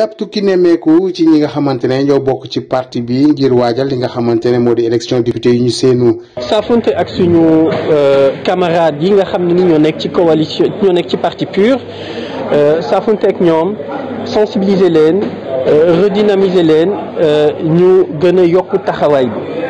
ab tukki nemmeeku ci ñi nga xamante ne ñoo bokk ci parti bi ngir waajal li nga xamante ne moo di élection député yi ñu seenu saafonte ak suñu euh, camarades yi nga xam ne ni ñoo nekk ci coalition ñoo nekk ci parti pur euh, saafonte ak ñoom sensibiliser leen euh, redynamiser leen ñu gën a yokk taxawaay bi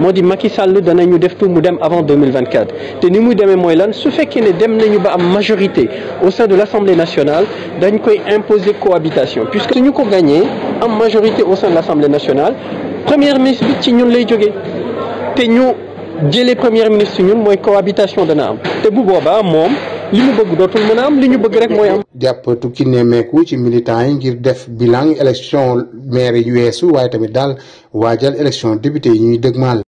moo di Macky Sall danañu def tout mu dem avant 2024 te ni muy demee mooy lan su fekkee ne dem nañu ba am majorité au sein de l'Assemblée nationale dañ koy imposer cohabitation puisque suñu ko gagnee am majorité au sein de l'Assemblée nationale premier ministre bi ci ñun lay jógee te ñu jëlee premier ministre ñun mooy cohabitation dana am te bu boobaa moom li mu bëgg dootul mën a am li ñu bëgg rek mooy am. jàpp tukki nemmeeku ci militants yi ngir def bilan élection maire yu weesu waaye tamit daal waajal élection député yi ñuy dëgmaal.